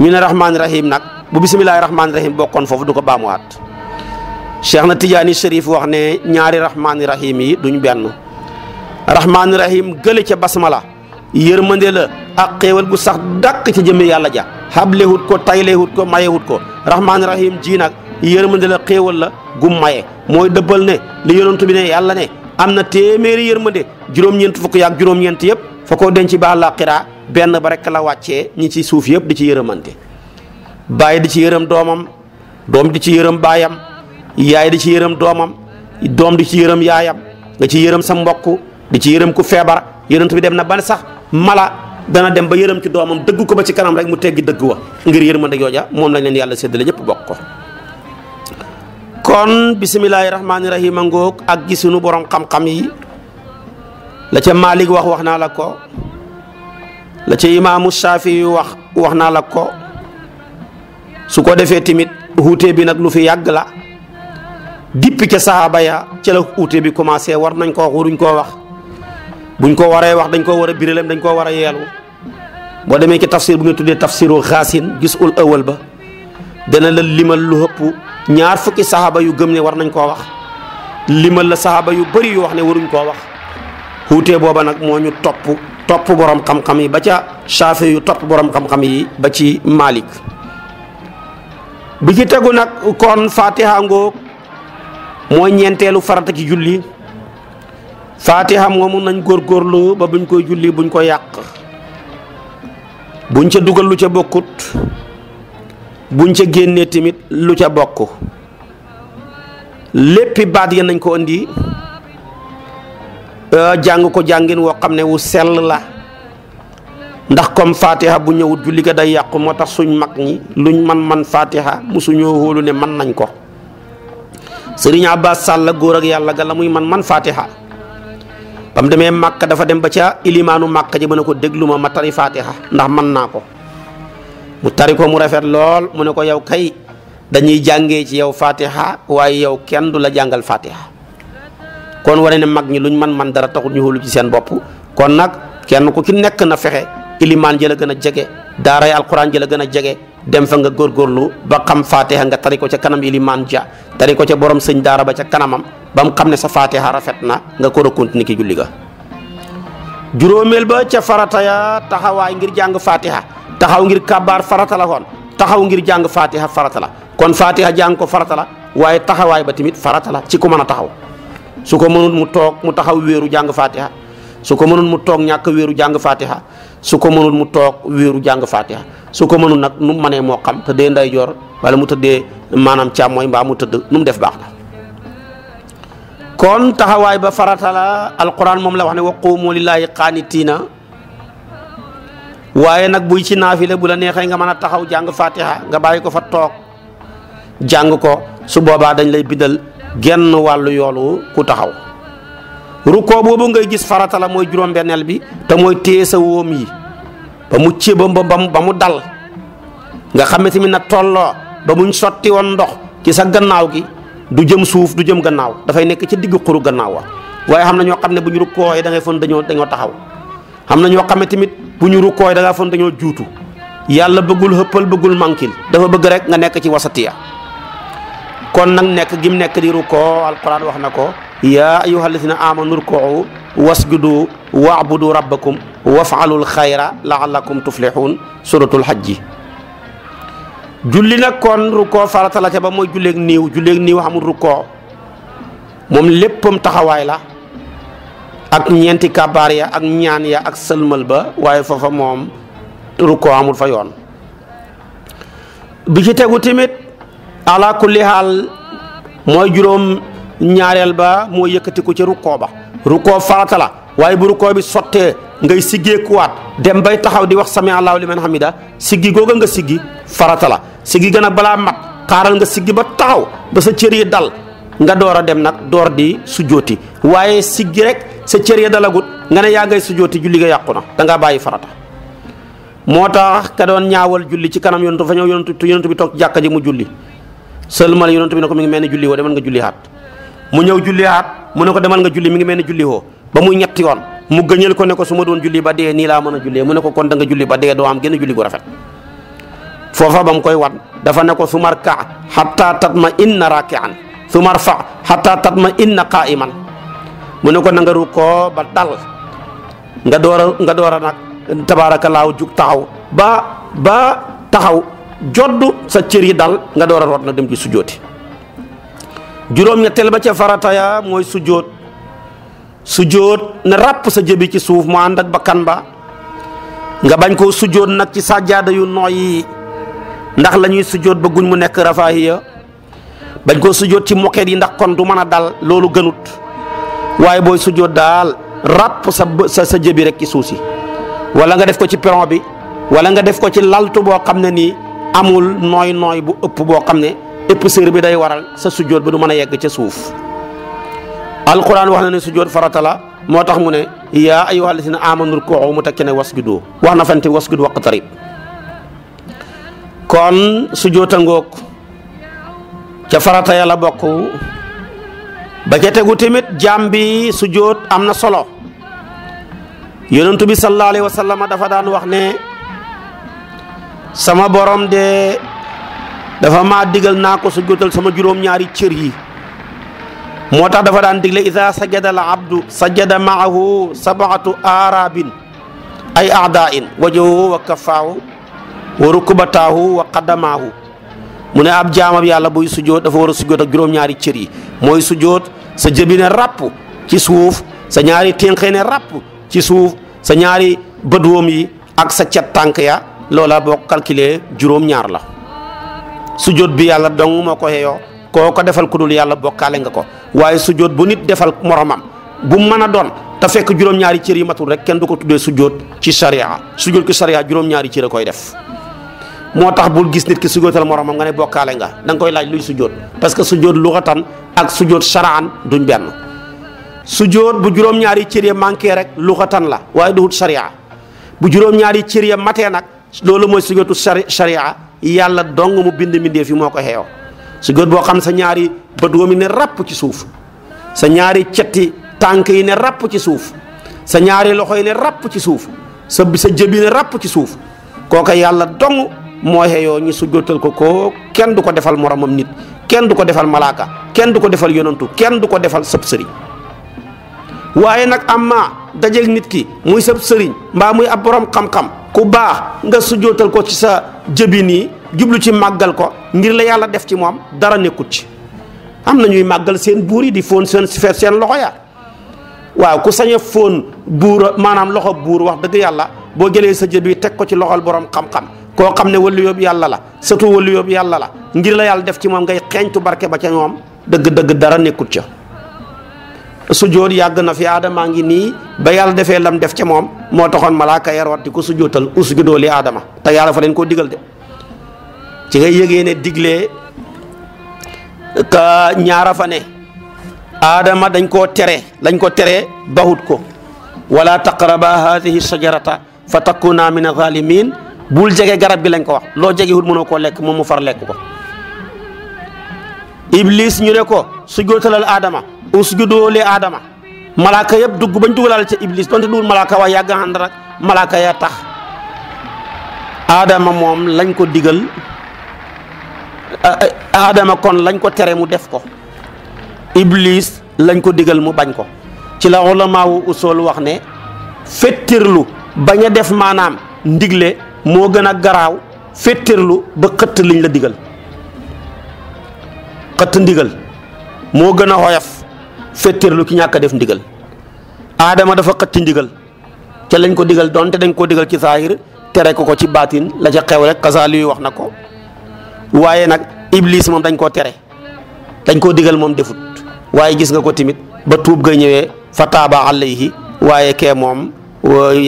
ñu ne rahmaani rahim nag bu bisimillahi rahmaani rahim bokkoon foofu du ko baamuwaat cheikh na tijaani shérif wax ne ñaari rahmaani rahim yi duñ benn rahmaani rahim gële ca basmala yërmande la ak xéewal gu sax dàq ca jëmmi yàlla ja xablewut ko taylewut ko mayewut ko rahmaani rahim ji nag yërmande la xéewal la gu maye mooy dëbbal ne li yonent bi ne yàlla ne am na téeméeri yërmande juróom-ñeent fukk yaak juróom-ñeent yëpp fa koo denc ba àllaaxira benn ba rek la wàccee ñi ci suuf yëpp di ci yërëmante bàyyi di ci yërëm doomam doom di ci yërëm baayam yaay di ci yërëm doomam doom di ci yërëm yaayam nga ci yërëm sam mbokk di ci yërëm ku feebar yërënt bi dem na ban sax mala dana dem ba yërëm ci doomam dëgg ko ba ci kanam rek mu teggi dëgg wa ngir yërmande jooja moom lañ leen yàlla séddale ñëpp bokk ko kon bisimilahi rahmaani rahim a ngoog ak gisunu borom xam-xam yi la ca Malik wax wax naa la ko la ca imaamu Saafi wax wax naa la ko su ko defee tamit wuute bi nag lu fi yàgg la dippi ca sahaaba ya ca la wuute bi commencé war nañ ko wax waruñ koo wax buñ ko waree wax dañ koo war a biralem dañ koo war a yeelu boo demee ci tafsir bu nga tuddee tafsiru xaasin gis ul awal ba dana la limal lu hëpp ñaar fukki saxaaba yu gëm ne war nañ koo wax limal la saxaaba yu bari yu wax ne waruñ koo wax xuutee booba nag moo ñu topp topp boroom xam-xam yi ba ca Shaafi yu topp borom xam yi ba ci Malik bi ci tegu nag kon fatiha ngoog mooy ñeenteelu farata ci julli fatiha moomu nañ góor góorlu ba buñ koy julli buñ ko yàq buñ ca dugal lu ca bokkut buñ ca génnee tamit lu ca bokk lépp baat ya nañ ko indi e, jàng ko jàngin woo xam ne wu sell la ndax comme fatiha bu ñëwut julli ga day yàqu moo tax suñ mag ñi luñ man man fatiha musuñoo hóolu ne man nañ ko sëriñ Abbas Sall góor ak yàlla ga la muy man man fatiha ba mu demee màkk dafa dem ba ca ilimaanu màkk ji mën a ko déglu ma ma tari fatiha ndax man naa ko mu tari ko mu rafet lool mu ne ko yow kay dañuy jàngee ci yow fatiha waaye yow kenn du la jàngal fatiha kon wane ne mag ñi luñ man man dara taxul ñu xóolu ci seen bopp kon nag kenn ku ki nekk na fexe ilimaan jëla gën a jege daaray alquran jëla gën a jege dem fa nga góorgóorlu ba xam fatiha nga tari ko ca kanam ilimaan ja tari ko ca borom sëñ daara ba ca kanamam ba mu xam ne sa fatiha rafet na nga ko continuer ki julli ga juróomeel ba ca farata taxawaay ngir jàng fatiha taxaw ngir kàbbaar farata taxaw ngir jàng fatiha farata la kon fatiha jàng ko farata la waaye taxawaay ba tamit farata la ci ku mën a taxaw su ko mënul mu toog mu taxaw wéeru jàng fatiha su ko mënul mu toog ñàkk wéeru jàng fatiha su ko mënul mu toog wéeru jàng su ko mënul nag nu mu mënee moo xam tëddee ndeyjoor wala mu tëddee maanaam càmmooy mbaa mu tëdd nu mu def baax na kon taxawaay ba farata la alquran moom la wax ne wa qumu lillahi qaanitiina waaye nag buy ci naafile bu la neexee nga mën a taxaw jàng fatiha nga bàyyi ko fa toog jàng ko su boobaa dañ lay bindal genn wàll yoolu ku taxaw rukkoo boobu ngay gis farata la mooy juróom-benneel bi te mooy téye sa wóom yi ba mu cé ba ba mu dal nga xam ne tamit nag tolloo ba muñ sotti woon ndox ci sa gannaaw gi du jëm suuf du jëm gannaaw dafay nekk ci diggu xuru gannaaw wa waaye xam na ñoo xam ne bu ñu rukkoo da ngay fon dañoo dañoo taxaw xam na ñoo xam ne tamit bu ñu rukkooy da ngaa dañoo juutu yàlla bëggul xëppal bëggul mànkil dafa bëgg rek nga nekk ci wasatiya kon nag nekk gim nekk di rukkoo alquran wax na ko yaa ayyuha alladina amanu rukuu wasjudu waabudu rabbakum wafaalul xayra laallakum tuflihun suratul hajji julli nag kon rukkoo farata ba mooy julleeg niiw julleeg niiw xamul rukkoo moom léppam taxawaay la ak ñeenti kabaar ya ak ñaan ya ak sëlmal ba waaye foofa moom rukkoo amul fa yoon bi ci tegu tamit ala mooy juróom ñaareel ba moo yëkkatiku ci rukkoo ba rukkoo farata la waaye bu rukkoo bi sottee ngay siggeekuwaat dem bay taxaw di wax sami allahu liman hamida siggi googa nga siggi farata la siggi gën balaa mat xaaral nga siggi ba taxaw ba sa cër yi dal nga door a dem nag door di sujjóoti waaye si gi rek sa cër ya dalagut nga ne yaa ngay sujjóoti julli nga yàqu na da ngaa bàyyi farata moo tax ka doon ñaawal julli ci kanam yonentu fa ñëw yonentu yonentu bi toog jàkka ji mu julli sëlmal yonentu bi ne mi ngi mel ni julli woo demal nga julli haat mu ñëw julli haat mu ne ko demal nga julli mi ngi mel ni julli ba muy ñetti yoon mu gëñal ko ne ko su ma doon julli ba dee nii laa mën a jullee ne ko kon da nga julli ba dee doo am génn julli gu rafet foofa ba mu koy wat dafa ne ko su marka xatta tatma inna rakian suma rfa xataa tatma inna qaiman mu ne ko na nga rukkoo ba dal nga door a nga door a nag tabaarakalaaw jug taxaw ba ba taxaw joddu sa cër yi dal nga door a root na dem ci sujooti juróom-ñetteel ba ca farata ya mooy sujoot sujoot na ràpp sa jëbi ci suuf mu ànd ak bakkan ba nga bañ koo sujoot nag ci sajjaada yu nooy yi ndax lañuy ñuy ba bëgguñ mu nekk rafaahiya bañ ko sujjóot ci moket yi ndax kon du mën a dal loolu gënut waaye booy sujjóot daal ràpp sa sa sa jëbi rek ci suuf si wala nga def ko ci peron bi wala nga def ko ci laltu boo xam ne nii amul nooy nooy bu ëpp boo xam ne épaisseur bi day waral sa sujjóot ba du mën a yegg ca suuf alquran wax na ne sujjóot faratala moo tax mu ne yaa ayyuha allazina amanu rku'u mu tekki ne wasjudu wax na fante wasjud waqtarib kon sujjóota ngoog ca farata ya la bokk ba ca tegu tamit jaam bi sujjóot am na solo yonentu bi sallallahu alayhi dafa daan wax ne sama borom de dafa maa digal naa ko sujjóotal sama juróom-ñaari cër yi moo tax dafa daan digle ida sajada al abdu sajada maahu sabatu aarabin ay aadain wajahu wa kafaahu wa rukubataahu wa qadamaahu mu ne ab jaamab yàlla buy sujjoot dafa war a sujjoot ak juróom-ñaari cër yi mooy sujjoot sa jëbi ne ràpp ci suuf sa ñaari ténqee ci suuf sa ñaari bëdwoom yi ak sa cat tànk ya loola boo calculer juróom-ñaar la sujjoot bi yàlla dong moo ko xeyoo koo ko defal ku dul yàlla bokkaale nga ko waaye sujjoot bu nit defal moromam bu mën a doon te fekk juróom-ñaari cër yi matul rek kenn du ko tuddee sujjoot ci sharia sujjoot ki sharia juróom-ñaari cër a koy def moo tax bul gis nit ki sujootal moromam nga ne bokkaale nga da nga koy laaj luy sujoot parce que sujoot luxatan ak sujoot sharaan duñ benn sujoot bu juróom-ñaari cër ya manqué rek luxatan la waaye duhut sharia bu juróom-ñaari cër nag loolu mooy sujootu saria yàlla dong mu bind mbindeef yi moo ko xeeyoo sujoot boo xam sa ñaari bët woom yi ne ràpp ci suuf sa ñaari cetti tànk yi ne ràpp ci suuf sa ñaari loxo yi ne ràpp ci suuf sa sa jëbi ne ràpp ci suuf kooka yàlla dong moo xeyoo ñu sujjootal ko ko kenn du ko defal moromam nit kenn du ko defal malaaka kenn du ko defal yonantu kenn du ko defal sab sëriñ waaye nag am amma dajeg nit ki muy sëb sëriñ mbaa muy ab borom xam-xam ku baax nga sujjootal ko ci sa jëbbi nii jublu ci màggal ko ngir la yàlla def ci moom dara nekkut ci am na ñuy màggal seen buur yi di fóon seen feer seen loxo ya waaw ku sañ a buur maanaam loxo buur wax dëgg yàlla boo jëlee sa jëb yi teg ko ci loxol borom xam koo xam ne wëllu yóbbu yàlla la sëtu wëllu yóbbu yàlla la ngir la yàlla def ci moom ngay xeeñtu barke ba ca ñoom dëgg-dëgg dara nekkut ca sujjóot yàgg na fi aadamaa ngi nii ba yàlla defee lam def ca moom moo taxoon malaaka yaroot di ko sujjóotal usjudoo li aadama te yàlla fa leen koo digal de ci ngay yëgee ne diglee ka ñaara fa ne aadama dañ koo tere lañ ko tere baxut ko wala taqraba hadihi shajarata fa takuna min azalimin bul jege garab gi lañ ko wax loo jegewul mënoo koo lekk moom mu far lekk ko iblis ñu ne ko sujjóotalal aadama usjudoo li aadama malaaka yëpp dugg bañ dugalal ca iblis donte dugul malaaka waaye yàgg ànd ya tax aadama moom lañ ko digal aadama eh, eh, kon lañ ko tere mu def ko iblis lañ ko digal mu bañ ko ci la ulamaawu usool wax ne fettirlu bañ a def maanaam ndigle moo gën a garaaw féttirlu ba xëtt liñ la digal xëtt ndigal moo gën a xoyof féttirlu ki ñàkk def ndigal aadama dafa xëtti ndigal ca lañ ko digal donte dañ koo digal ci saahir tere ko ko ci baatin la ca xew rek xasa liy wax na ko waaye nag iblis moom dañ koo tere dañ koo digal moom defut waaye gis nga ko tamit ba tuub ga ñëwee fa taaba alayhi waaye kee moom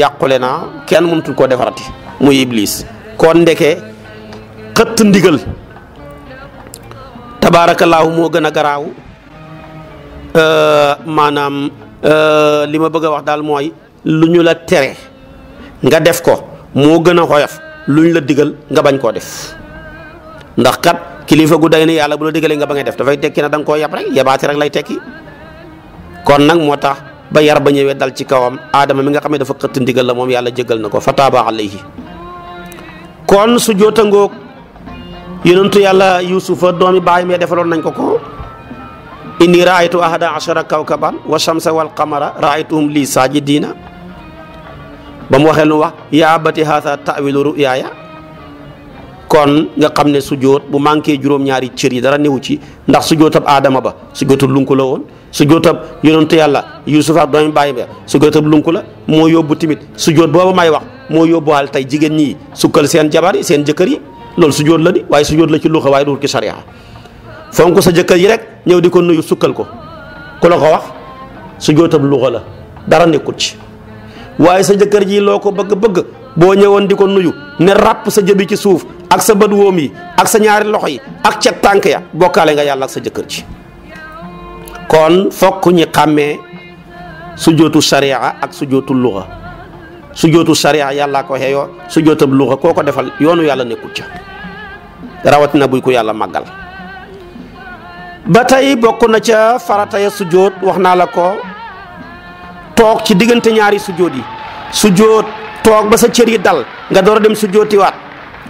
yàqule na kenn mënutu koo defarati muy iblis kon ndeke xëtt ndigal tabaarakallaahu moo gën a garaaw euh, maanaam euh, li ma bëgg a wax daal mooy lu ñu la tere nga def ko moo gën a xoyof lu ñu la digal nga bañ koo def ndax kat kilifa gu day ni yàlla bu la digalee nga ba ngay def dafay tekki na da nga koo yab rek yabaati rek lay tekki kon nag moo tax ba yar ba ñëwee dal ci kawam aadama mi nga xam ne dafa xëtt ndigal la moom yàlla jégal na ko fa taaba alayhi kon su jootangoog yonentu yàlla yusufa doomi baay mee defaloon nañ ko ko inni raaytu ahada achara kawkaban wa shamsa wal qamara raaytuhum lii saajidina ba mu waxee lu wax yaa bati haasa tawilu ruyaaya kon nga xam ne sujjóot bu manqué juróom-ñaari cër yi dara néew ci ndax sujjóotab aadama ba sujjóotab lunku la woon sujjóotab yonentu yàlla yusufa ak doomi baay mee sujjóotab lunku la moo yóbbu tamit sujjóot booba may wax moo yóbbuwaal tey jigéen ñi sukkal seen jabar yi seen jëkkër yi loolu su jóot la di waaye su la ci luxa waaye duur ki sariya fonk sa jëkkër yi rek ñëw di ko nuyu sukkal ko ku la ko wax su jóotab luxa la dara nekkul ci waaye sa jëkkër ji loo ko bëgg-bëgg boo ñëwoon di ko nuyu ne ràpp sa jëbi ci suuf ak sa bët wóom yi ak sa ñaari loxo yi ak ca tànk ya bokkaale nga yàlla ak sa jëkkër ji kon fokk ñi xàmmee su jootu sariya ak su jootu luxa sujootu sariya yàllaa ko xeeyoo sujootam luuxa koo ko defal yoonu yàlla nekkul ca rawatina buy ko yàlla màggal ba tey bokk na ca farata ya sujoot wax naa la ko toog ci diggante ñaari sujoot yi sujoot toog ba sa cër yi dal nga door a dem sujootiwaat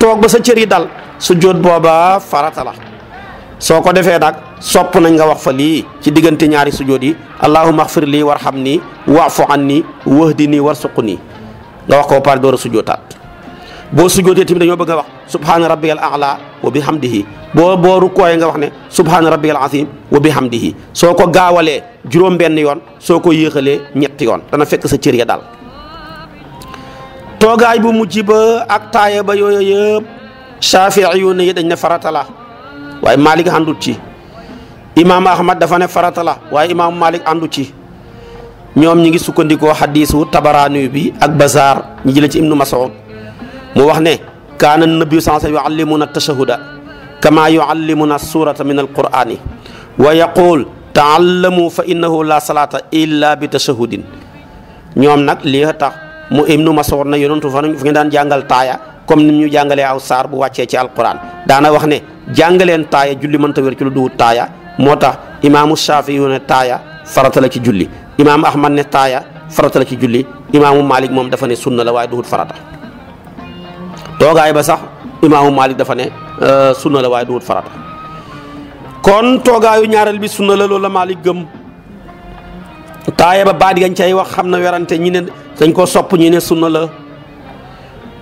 toog ba sa cër yi dal sujoot booba farata la soo ko defee nag sopp nañ nga wax fa lii ci diggante ñaari sujoot yi allahumma axfir lii ni nii waafu an nii wahdi nii warsuq nii nga wax ko ba pare door a sujjootaat boo sujjootee tamit dañoo bëgg a wax subhaana rabbiyal a'la wa bihamdihi boo boo rukkooyee nga wax ne subhaana rabbiyal azim wa bihamdihi soo ko gaawalee juróom yoon soo ko yéexalee ñetti yoon dana fekk sa cër ya bu mujj ba ak taaya ba yooyu yëpp Shaafi'iyuun yi dañ ne farata la waaye Malik àndut ci imaam Ahmad dafa ne farata waaye imaam Malik àndut ci. ñoom ñi ngi sukkandikoo xadiisu tabaraani bi ak bazaar ñu jëlee ci ibnu Mas'ud mu wax ne kaana nabiyu sallallahu alayhi wa sallam yuallimuna tashahuda kama yuallimuna surata min alqur'ani wa yaqul taallamu fa inna la salaata illa bi tashahudin ñoom nag lii tax mu ibnu Mas'ud na yonentu fa nga daan jàngal taaya comme ni ñu jàngalee aw saar bu wàccee ci alquran daana wax ne jàngaleen taaya julli mënta wér ci lu duwut taaya moo tax imaamu Shaafi yu ne taaya farata la ci julli imaamu ahmad ne taaya farata la ci julli imaamu malik moom dafa ne sunna la waaye duhut farata ba sax imaamu dafa ne euh, sunna la waaye duhut farata kon toogaayu ñaareel bi sunna la loolu la malik gëm taaya ba baat gañ cay wax xam na werante ñi ne dañ ko sopp ñi ne sunna la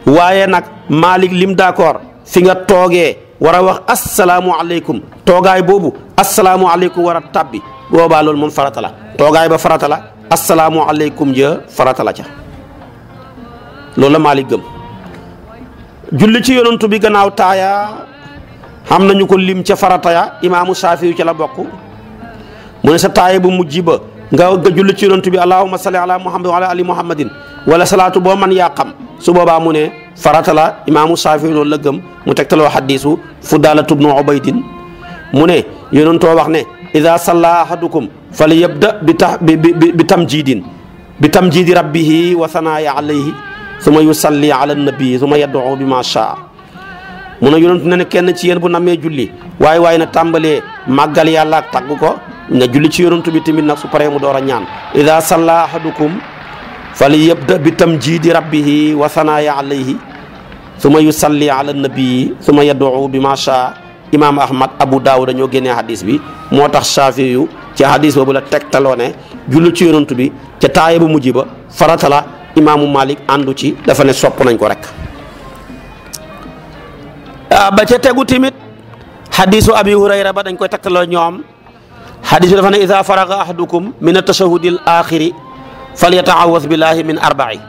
waaye nag malik lim d'accord fi nga toogee war a wax assalaamu asalaamualeykum toogaay boobu asalaamualeykum war a tàbbi boobaa loolu moom farata la toogaay ba faratala la asalaamualeykum ja farata la ca loolu la gëm julli ci yonantu bi gannaaw taaya xam nañu ko lim ca farata ya imaamu saafi ca la bokk mu ne sa taaya bu mujj ba nga nga julli ci yonantu bi allahumma salli ala muhammad wala salaatu boo man yaa xam su boobaa mu ne farata la imaamu saafi loolu la gëm mu tegtaloo xaddiisu fu daala tubnu ubaydin mu ne yonantoo wax ne ida salla ahadukum fali yabda bi ta bi bi tamjidin bi tamjidi rabbihi wa sanaaya alayhi suma yusalli ala nabii suma yad'u bi ma shaa mu ne yonent na ne kenn ci yéen bu namee julli waaye waaye na tàmbalee màggal yàlla ak tagg ko nga julli ci yonent bi tamit nag su paree mu door a ñaan ida salla ahadukum fali yabda bi tamjidi rabbihi wa sanaaya alayhi suma yusalli ala nabii suma yad'u bi ma shaa imaam ahmad abu daawuda ñoo génnee hadis bi moo tax shaafi yu ci hadis boobu la tegtaloo ne jullu ci yonantu bi ca taaye bu mujj ba farata la imaamu malik àndu ci dafa ne sopp lañ ko rek ah, ba ca tegu tamit hadisu abi hurayra ba dañ koy tegtaloo ñoom hadis bi dafa ida faraga ahadukum min atashahudil axiri falyataawas billahi min arbai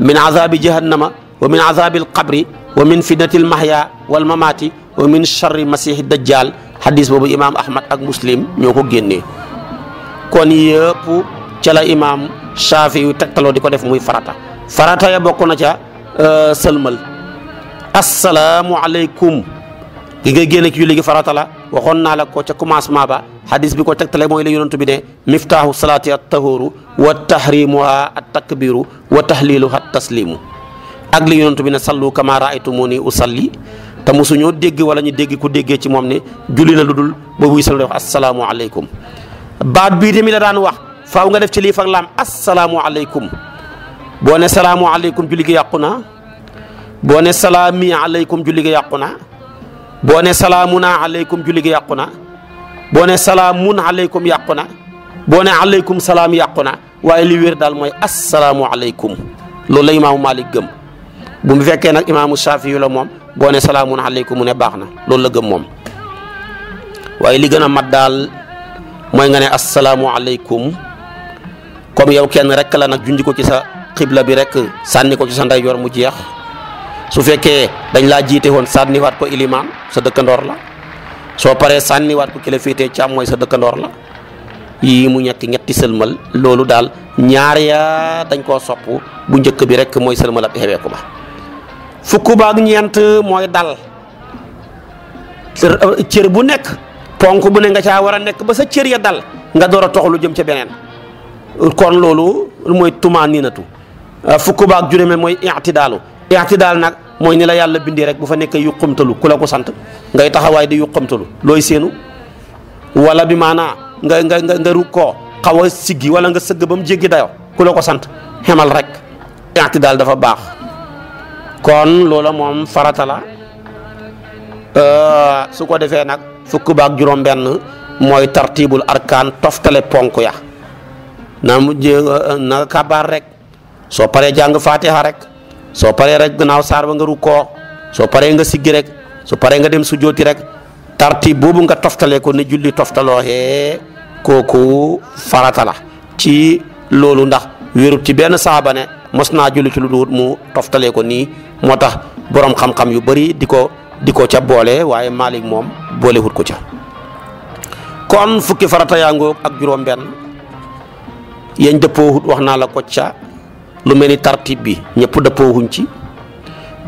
min azabi jahannama wa min azabil qabri wa min fitnatil mahya wal mamaati wa min charri masihi dajjal hadis boobu imaam ahmad ak muslim ñoo ko génnee kon yëpp ca la imaam shaafi di ko def muy farata farata ya bokk na ca euh, sëlmal assalaamu aleykum gi nga génne ci julli gi farata la waxoon naa la ko ca commencement ba hadis bi ko tegtale mooy la yonent bi ne miftaahu salaati at wa tahrimuha at wa tahliluha at ak li yonent bi ne sallu kama raaytumuni usalli te mosuñoo dégg wala ñu dégg ku déggee ci moom ni juli na lu dul ba buy sal wax asalaamu aleykum baat bii tamit la daan wax faaw nga def ci lii fag laam asalaamu aleykum boo ne salaamu aleykum julli gi yàqu na boo ne salaami aleykum julli gi yàqu na boo ne salaamuna aleykum julli gi yàqu na boo ne salaamun aleykum yàqu na boo ne aleykum salaam yàqu na waaye li wér daal mooy asalaamu aleykum loolu la imaamu Maalik gëm bu mu fekkee nag imaamu saafi yu la moom boo ne salaamun aleykum mu ne baax na loolu la gëm moom waaye li gën a mat daal mooy nga ne asalaamu aleykum comme yow kenn rek la nag junj ko ci sa xibla bi rek sànni ko ci sa ndeyjoor mu jeex su fekkee dañ laa jiite woon sànniwaat ko ilimaan sa dëkkandoor la soo paree sànniwaat ko ki la féetee mooy sa dëkkandoor la yii mu ñetti ñetti sëlmal loolu daal ñaar yaa dañ koo sopp bu njëkk bi rek mooy sëlmal ab fukk baak ñeent mooy dal euh, cër bu nekk ponk bu ne nga caa war a nekk ba sa cer ya dal nga door a toxlu jëm ca beneen kon loolu mooy tumaaniinatu euh, fukk baak juróomeel mooy i'tidaalu daal nag mooy ni la yàlla bindee rek bu fa yu yuqamtalu ku la ko sant ngay taxawaay di yuqamtalu looy seenu wala bi maanaa nga nga nga nga rukkoo xaw a siggi wala nga sëgg ba mu jéggi dayo ku la ko sant xemal rek daal dafa baax kon loola moom farata la euh, su ko defee nag fukk baak juróom benn mooy tartibul arkaan toftale ponk ya na mujjee euh, na rek soo paree jàng fatiha rek soo paree rek gannaaw saar ba nga rukkoo soo paree nga siggi rek soo paree nga dem sujjooti rek tartib boobu nga toftale ko ni julli toftalooxee kooku farata la ci loolu ndax wérut ci benn saaba ne mos naa julli ci lu duut mu toftalee ko nii moo tax boroom xam-xam yu bari di ko di ko ca boole waaye Malik moom boolewut ko ca kon fukki farata yaa ngoog ak juróom-benn yañ dëppoowut wax naa la ko ca lu mel ni tartib bi ñëpp dëppoowuñ ci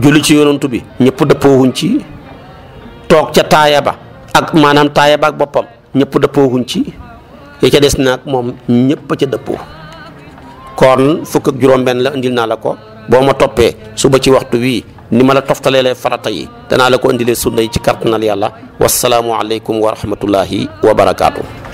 julli ci yonantu bi ñëpp dëppoowuñ ci toog ca taaya ba ak maanaam taaya ba ak boppam ñëpp dëppoowuñ ci yi ca des nag moom ñëpp ca dëppoo kon fukk juróom-benn la indil naa la ko. boo ma toppee suba ci waxtu wii ni ma la toftaleelee farata yi danaa la ko indilee sunna yi ci kartanal wa wasalaamu aleykum wa rahmatullahi wa barakaatu.